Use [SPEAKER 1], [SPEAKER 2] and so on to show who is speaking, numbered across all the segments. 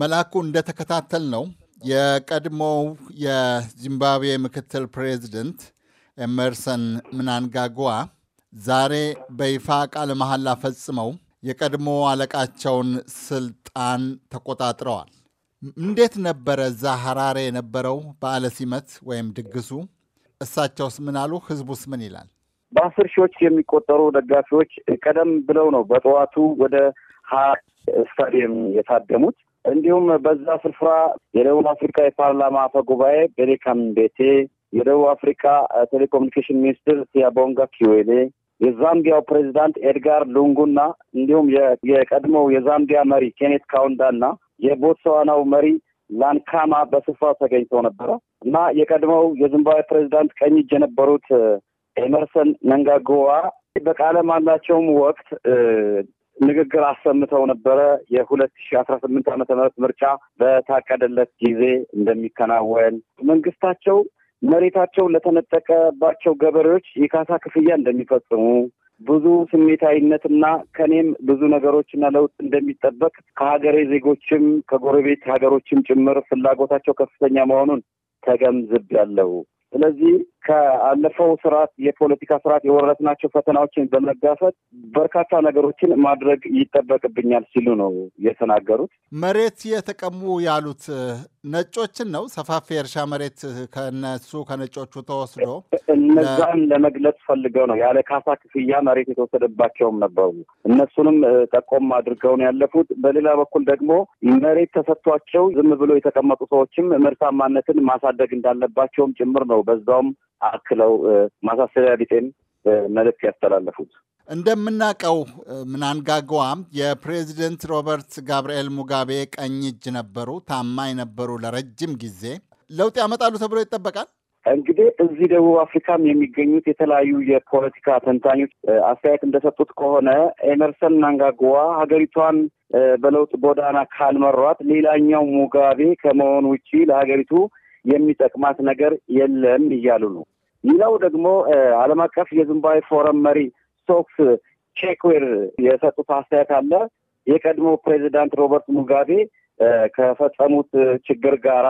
[SPEAKER 1] መልአኩ እንደተከታተል ነው የቀድሞው የዚምባብዌ ምክትል ፕሬዚደንት ኤመርሰን ምናንጋጓ ዛሬ በይፋ ቃለ መሐላ ፈጽመው የቀድሞ አለቃቸውን ስልጣን ተቆጣጥረዋል። እንዴት ነበረ እዛ ሐራሬ የነበረው በዓለ ሲመት ወይም ድግሱ? እሳቸውስ ምን አሉ? ህዝቡስ ምን ይላል?
[SPEAKER 2] በአስር ሺዎች የሚቆጠሩ ደጋፊዎች ቀደም ብለው ነው በጠዋቱ ወደ ሀ ስታዲየም የታደሙት። እንዲሁም በዛ ስፍራ የደቡብ አፍሪካ የፓርላማ አፈ ጉባኤ ቤሌካም ቤቴ፣ የደቡብ አፍሪካ ቴሌኮሙኒኬሽን ሚኒስትር ሲያቦንጋ ኪዌሌ፣ የዛምቢያው ፕሬዚዳንት ኤድጋር ሉንጉና እንዲሁም የቀድሞው የዛምቢያ መሪ ኬኔት ካውንዳና የቦትስዋናው መሪ ላንካማ በስፍራው ተገኝተው ነበረ እና የቀድሞው የዚምባብዌ ፕሬዚዳንት ቀኝ እጅ የነበሩት ኤመርሰን መንጋጎዋ በቃለ ማላቸውም ወቅት ንግግር አሰምተው ነበረ። የሁለት ሺ አስራ ስምንት ዓመተ ምህረት ምርጫ በታቀደለት ጊዜ እንደሚከናወን መንግስታቸው መሬታቸው ለተነጠቀባቸው ገበሬዎች የካሳ ክፍያ እንደሚፈጽሙ ብዙ ስሜታዊነትና ከኔም ብዙ ነገሮችና ለውጥ እንደሚጠበቅ ከሀገሬ ዜጎችም ከጎረቤት ሀገሮችም ጭምር ፍላጎታቸው ከፍተኛ መሆኑን ተገምዝብ ያለው ስለዚህ ከአለፈው ስርዓት የፖለቲካ ስርዓት የወረስናቸው ፈተናዎችን በመጋፈጥ በርካታ ነገሮችን ማድረግ ይጠበቅብኛል ሲሉ ነው የተናገሩት።
[SPEAKER 1] መሬት የተቀሙ ያሉት ነጮችን ነው ሰፋፊ የእርሻ መሬት ከነሱ ከነጮቹ ተወስዶ እነዛን
[SPEAKER 2] ለመግለጽ ፈልገው ነው። ያለ ካሳ ክፍያ መሬት የተወሰደባቸውም ነበሩ። እነሱንም ጠቆም አድርገው ነው ያለፉት። በሌላ በኩል ደግሞ መሬት ተሰጥቷቸው ዝም ብሎ የተቀመጡ ሰዎችም ምርታማነትን ማሳደግ እንዳለባቸውም ጭምር ነው። በዛውም አክለው ማሳሰቢያ ቢጤን መልእክት ያስተላለፉት።
[SPEAKER 1] እንደምናውቀው ምናንጋግዋም የፕሬዚደንት ሮበርት ጋብርኤል ሙጋቤ ቀኝ እጅ ነበሩ፣ ታማኝ ነበሩ ለረጅም ጊዜ። ለውጥ ያመጣሉ ተብሎ ይጠበቃል። እንግዲህ እዚህ ደቡብ አፍሪካም የሚገኙት የተለያዩ የፖለቲካ ተንታኞች አስተያየት እንደሰጡት
[SPEAKER 2] ከሆነ ኤመርሰን ናንጋግዋ ሀገሪቷን በለውጥ ጎዳና ካልመሯት ሌላኛው ሙጋቤ ከመሆን ውጪ ለሀገሪቱ የሚጠቅማት ነገር የለም እያሉ ነው። ሌላው ደግሞ ዓለም አቀፍ የዝምባብዌ ፎረም መሪ ሶክስ ቼክዌር የሰጡት አስተያየት አለ። የቀድሞ ፕሬዚዳንት ሮበርት ሙጋቤ ከፈጸሙት ችግር ጋራ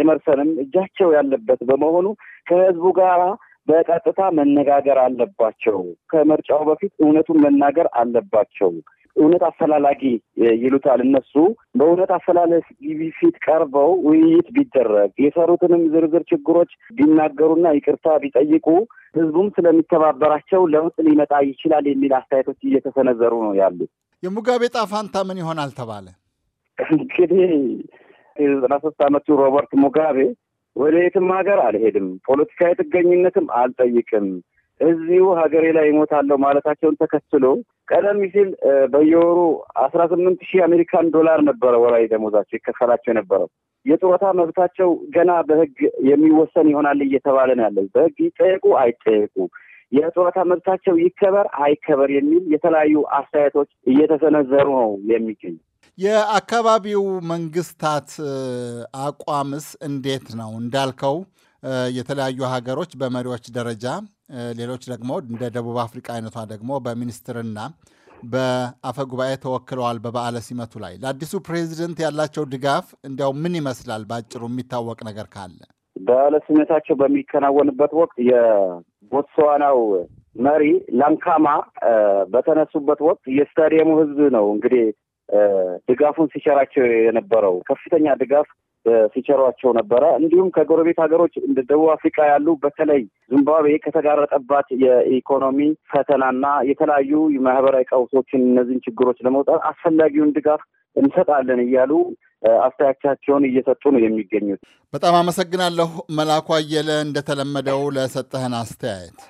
[SPEAKER 2] ኤመርሰንም እጃቸው ያለበት በመሆኑ ከህዝቡ ጋራ በቀጥታ መነጋገር አለባቸው። ከምርጫው በፊት እውነቱን መናገር አለባቸው። እውነት አፈላላጊ ይሉታል እነሱ። በእውነት አፈላላጊ ፊት ቀርበው ውይይት ቢደረግ የሰሩትንም ዝርዝር ችግሮች ቢናገሩና ይቅርታ ቢጠይቁ ህዝቡም ስለሚተባበራቸው ለውጥ ሊመጣ ይችላል የሚል አስተያየቶች እየተሰነዘሩ ነው ያሉ።
[SPEAKER 1] የሙጋቤ ጣፋንታ ምን ይሆናል ተባለ?
[SPEAKER 2] እንግዲህ የዘጠና ሶስት አመቱ ሮበርት ሙጋቤ ወደ የትም ሀገር አልሄድም፣ ፖለቲካዊ ጥገኝነትም አልጠይቅም እዚሁ ሀገሬ ላይ ይሞታለሁ ማለታቸውን ተከትሎ ቀደም ሲል በየወሩ አስራ ስምንት ሺህ አሜሪካን ዶላር ነበረ ወራዊ ደሞዛቸው ይከፈላቸው የነበረው። የጡረታ መብታቸው ገና በህግ የሚወሰን ይሆናል እየተባለ ነው ያለው። በህግ ይጠየቁ አይጠየቁ፣ የጡረታ መብታቸው ይከበር አይከበር የሚል የተለያዩ አስተያየቶች እየተሰነዘሩ ነው የሚገኙ።
[SPEAKER 1] የአካባቢው መንግስታት አቋምስ እንዴት ነው? እንዳልከው የተለያዩ ሀገሮች በመሪዎች ደረጃ ሌሎች ደግሞ እንደ ደቡብ አፍሪቃ አይነቷ ደግሞ በሚኒስትርና በአፈ ጉባኤ ተወክለዋል። በበዓለ ሲመቱ ላይ ለአዲሱ ፕሬዚደንት ያላቸው ድጋፍ እንዲያው ምን ይመስላል? በአጭሩ የሚታወቅ ነገር ካለ
[SPEAKER 2] በዓለ ሲመታቸው በሚከናወንበት ወቅት የቦትስዋናው መሪ ላንካማ በተነሱበት ወቅት የስታዲየሙ ህዝብ ነው እንግዲህ ድጋፉን ሲቸራቸው የነበረው ከፍተኛ ድጋፍ ሲቸሯቸው ነበረ። እንዲሁም ከጎረቤት ሀገሮች እንደ ደቡብ አፍሪካ ያሉ በተለይ ዚምባብዌ ከተጋረጠባት የኢኮኖሚ ፈተናና የተለያዩ ማህበራዊ ቀውሶችን እነዚህን ችግሮች ለመውጣት አስፈላጊውን ድጋፍ እንሰጣለን እያሉ አስተያየታቸውን እየሰጡ ነው የሚገኙት።
[SPEAKER 1] በጣም አመሰግናለሁ መላኩ አየለ እንደተለመደው ለሰጠህን አስተያየት።